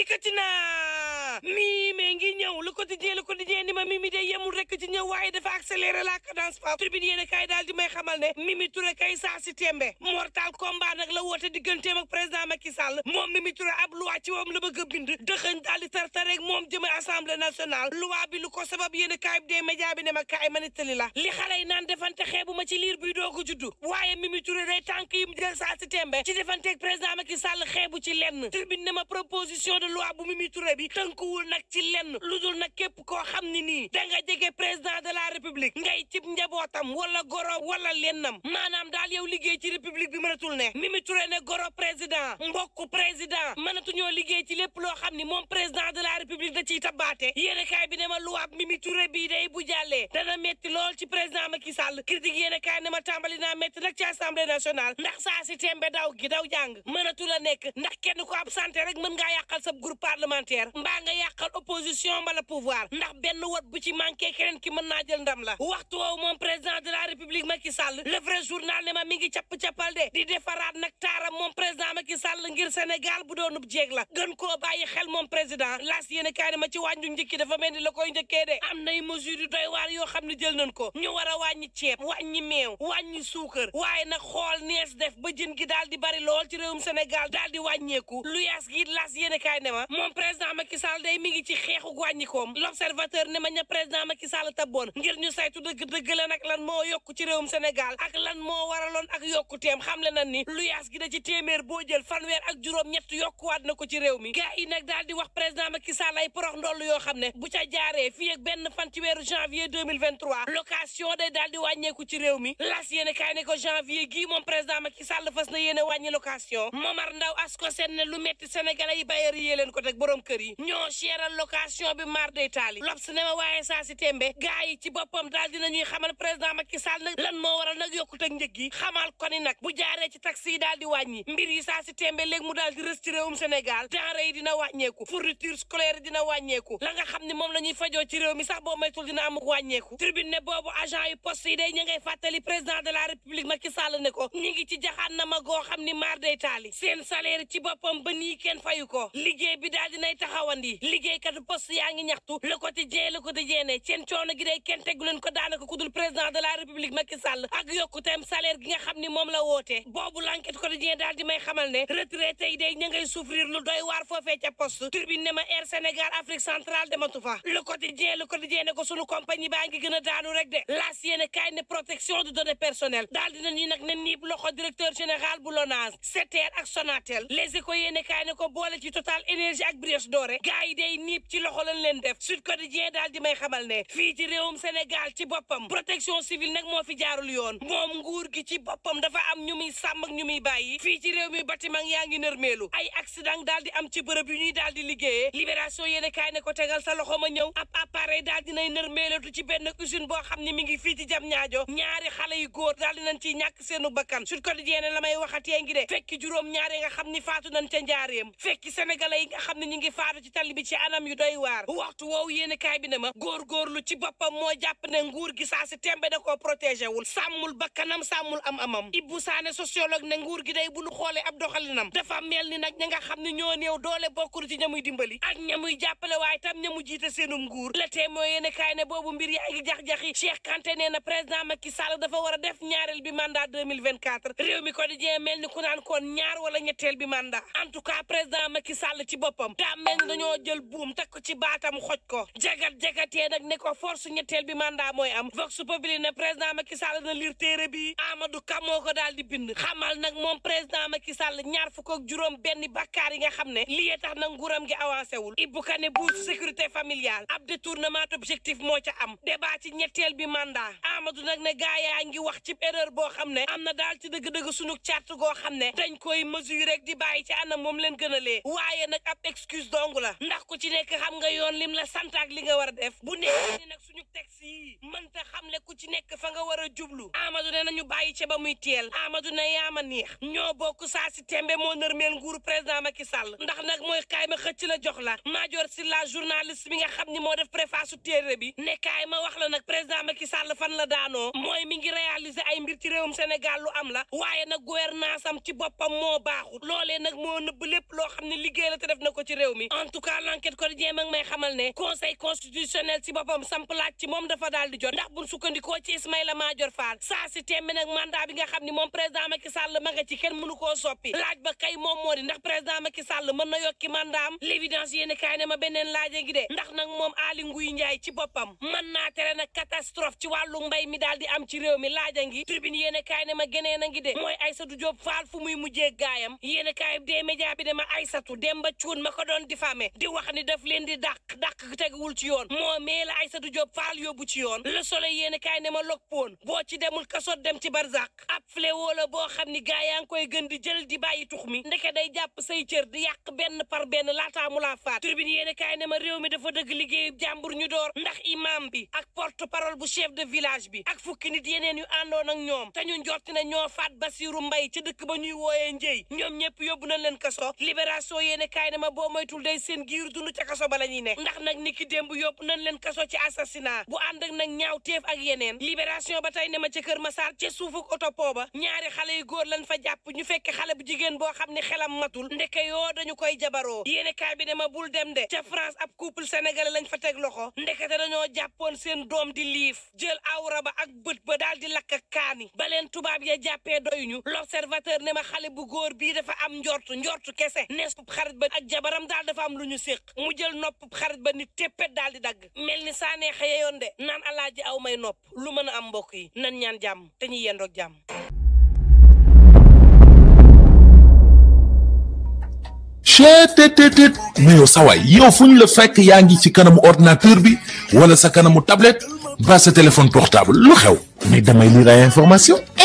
dikkati na ngi ñëw le quotidien le quotidien ni ma Mimi de yemul rek ci ñëw waaye dafa accélérer la cadence pa tribune yéen kaay di may xamal ne Mimi Touré kay saa tembe mortal combat nag la woote digganteem ak président moom Mimi Touré ab loi ci moom la bëgg a bind dëxañ daal ma kaay ma nettali li xale naan defante xeebu ma ci liir buy doog a juddu waaye Mimi Touré day tànk yi mu jël tembe ci defanteeg président Macky xeebu ci lenn tribune ne kenn lu dul nag képp koo xam ne nii danga jege président de la république ngay cib njabootam wala goro wala lennam maanaam daal yow liggéey ci république bi mënatul ne Mimi Touré ne goro président mbokku président mënatuñoo liggéey ci lépp loo xam ni moom président de la république da ciy tabaate yéenekaay bi ne ma luwaab Mimi Touré bii day bu jàllee dana metti lool ci président Macky Sall critique yéenekaay ne ma tambali na metti nag ci assemblée nationale ndax saa si tembe daw gi daw jàng mënatul nekk ndax kenn ko absenté rek mën ngaa yàqal sa groupe parlementaire mbaa nga opposition mbala pouvoir ndax benn wot bu ci manqué keneen ki mën naa jël ndam la waxtu woowu moom président de la république Macky Sall le vrai journal ne ma mi ngi capp-cappal de di defaraat nag taara moom président Macky Sall ngir Sénégal bu doonub jeeg la gën koo bàyyi xel moom président laas yéene kaay ma ci wàññu njëkki dafa mel ni la koy njëkkee de am na mesures yu doy waar yoo xam ne jël nañ ko ñu war a wàññi ceeb wàññi meew wàññi suukar waaye nag xool nees def ba jën gi daal di bari lool ci réewum Sénégal daal wàññeeku lu yaas gi laas yéene moom président Macky Sall day mi ngi ci xeexu wàññikoom l'observateur ne ma ña président Macky Sall tabboon ngir ñu saytu dëgg dëgg la nag lan moo yokku ci réewum Sénégal ak lan moo waraloon ak yokkuteem xam le na ni luyaas gi da ci téeméer boo jël fanweer ak juróom ñett yokkuwaat na ko ci réew mi gaa yi nag daal di wax président Macky Sall ay porox ndoll yoo xam ne bu ca jaare fii benn fan ci weeru janvier 2023 location day daal di wàññeeku ci réew mi las yéene kaay ne ko janvier gii moom président Macky Sall fas na yéene wàññi location Ndaw asko seen ne lu metti sénégalais yi bayeer yi leen ko teg borom kër yi ñoo seeral location situation bi mar day taali lobs ne ma waaye saa si tembe gars yi ci boppam daal dinañuy xamal président Macky Sall nag lan moo waral nag yokkute ak njëg yi xamal ko ni nag bu jaaree ci taxi yi daal di wàññi mbir yi saa si tembe léegi mu daal di rës ci réewum Sénégal denrée yi dina wàññeeku fourniture scolaire dina wàññeeku la nga xam ne moom la ñuy fajoo ci réew mi sax boo maytul dina am wàññeeku tribune ne boobu agent yi post yi day ña ngay fàttali président de la république Macky Sall ne ko ñi ngi ci jaxaan na ma goo xam ni maar day taali seen salaire ci boppam ba nii kenn fayu liggéey bi daal dinay taxawandi liggéeykat poste yaa ngi ñaxtu le quotidien le quotidien ne seen coono gi day kenn teggu leen ko daanaka ku dul président de la république Macky ak yokkuteem salaire gi nga xam ni moom la woote boobu l'enquête quotidien daal di may xamal ne retraité yi day ña ngay souffrir lu doy waar foofee ca poste turbine ne ma Air Sénégal Afrique centrale dematu fa le quotidien le quotidien ne ko sunu compagnie baa ngi gën a daanu rek de laas yéene kaay protection de données personnelles daal dina ne niib ko boole ci Total énergie ak loxo lañ leen def Sud Quotidien daal di may xamal ne fii ci réewum Sénégal ci boppam protection civile nag moo fi jaarul yoon moom nguur gi ci boppam dafa am ñu muy sàmm ak ñu muy bàyyi fii ci réew mi bâtiment yaa ngi nërmeelu ay accident daal di am ci bërëb yu ñuy daal di liggéeyee libération yéene kaay ko tegal sa loxo ma ñëw ab appareil nër dinay nërmeelatu ci benn usine boo xam ne mi ngi fii ci jam ñaajo ñaari xale yu góor daal dinañ ci ñàkk seenu bakkan Sud Quotidien la may waxatee ngi de fekki juróom ñaari nga xam ni faatu nañ ca njaareem fekki sénégalais yi nga xam ne ñu ngi faatu ci tali bi ci anam yu doy doy waar waxtu woowu yéen kaay bi ne ma góorgóorlu ci boppam moo jàpp ne nguur gi saa si tembe da koo protégé wul sàmmul bakkanam sàmmul am amam Ibou Sané sociologue ne nguur gi day bu nu xoolee ab doxalinam dafa mel ni nag ña nga xam ne ñoo néew doole bokkul ci ñamuy dimbali ak ñamuy jàppale waaye tam ñamu jiite seenum nguur le témoin yéen kaay ne boobu mbir yaa ngi jax-jaxi Cheikh Kanté nee na président Macky Sall dafa war a def ñaareel bi mandat 2024 réew mi ko di jee mel ni ku naan kon ñaar wala ñetteel bi mandat en tout cas président Macky Sall ci boppam ci baatam xoj ko jagat jagatee nag ne ko force ñetteel bi mandat mooy am vox populi ne président Macky Sall na lire téere bi Amadou Ka ko daal di bind xamal nag moom président Macky Sall ñaar fukk ak juróom benn bakkaar yi nga xam ne lii tax nag nguuram gi avancé wul Ibou ne bourse sécurité familiale ab détournement d'objectif moo ca am débat ci ñetteel bi mandat Amadou nag ne gaa yaa ngi wax ci erreur boo xam ne am na daal ci dëgg-dëgg sunu càtt goo xam ne dañ koy mesure rek di bàyyi ci anam moom leen gën a waaye nag ab dong la xam nga yoon lim la sant li nga war a def bu nekkee ni nag suñu texte yi mënta xamle ku ci nekk fa nga war a jublu Amadou ne nañu bàyyi ca ba muy teel Amadou ne yaama neex ñoo bokk saa si tembe moo nër meen nguuru président Macky Sall ndax nag mooy kaay ma xëcc la jox la Madior Sylla journaliste bi nga xam ni moo def préface su téere bi ne kaay ma wax la nag président Macky Sall fan la daanoo mooy mi ngi réaliser ay mbir ci réewum Sénégal lu am la waaye nag gouvernance am ci boppam moo baaxul loolee nag moo nëbb loo xam ne liggéey la te mi ma ngi may xamal ne conseil constitutionnel ci boppam samp laaj ci moom dafa daal di jot ndax buñ sukkandikoo ci Ismaïla Madior Fall saa si tembe nag mandat bi nga xam ni moom président Macky Sall ma nga ci kenn mënu koo soppi laaj ba kay moom ndax na yokki mandaam l'évidence yéen kaay ne ma beneen laaj a ngi de ndax nag moom Aly Ngouille Ndiaye ci boppam mën naa tere nag catastrophe ci wàllu mbay mi daal di am ci réew mi laaj ngi tribune yéen kaay ne ma geneen a ngi de mooy Aïssatou Diop Fall fu muy mujjee gaayam yéen kaay des média bi dama Aïssatou dem ba cuun ma ko doon diffamé di wax ni daf leen di dàq dàq teguwul ci yoon moo mee la Aïssatou Diop Fall yóbbu ci yoon le soleil yéen kaay ma log poon boo ci demul kaso dem ci barzak ab fléau la boo xam ni gaa yaa ngi koy gën di jël di bàyyi tux mi ndeke day jàpp say cër di yàq benn par benn laataa mu laa faat turbine yéen kaay ne ma réew mi dafa dëgg liggéeyu jàmbur ñu door ndax imaam bi ak porte parole bu chef de village bi ak fukki nit yeneen yu àndoon ak ñoom te ñu njorti ne ñoo faat Basiru Mbay ci dëkk ba ñuy wooyee njëy ñoom ñëpp yóbbu nañ leen kaso libération yéen kaay ma boo moytul day seen giir dund ca kaso ba la ñuy nekk ndax nag niki démb yóbbu nañ leen kaso ci assassinat bu ànd ak nag ñaaw téef ak yeneen libération ba tey ne ma ca Kër Masaar ca suufuk otopoo ba ñaari xale yu góor lañ fa jàpp ñu fekk xale bu jigéen boo xam ne xelam matul ndeke yoo dañu koy jabaroo yéene kaay bi ne ma bul dem ca France ab couple sénégalais lañ fa teg loxo ndekete dañoo jàppoon seen doom di liif jël awra ba ak bët ba daal di lakk ak kaani ba leen tubaab ya jàppee doyuñu l'observateur ne ma xale bu góor bii dafa am njort njort kese nees xarit ba ak jabaram daal dafa am lu ñu séq mu jël nopp xarit ba ni téppét daal di dagg mel ni saa neexa yeyoon de naan alaaji aw may nopp lu mën a am mbokk yi nan ñaan jàmm te ñuy yendoog jàmm cttt mais yow sawaay yow fu ñu la fekk yaa ngi ci kanamu ordinateur bi wala sa kanamu tablette ba sa téléphone portable lu xew mais damay lire ay information